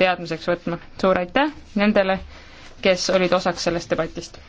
teadmiseks võtma. suur aitäh nendele, kes olid osaks sellest debatist!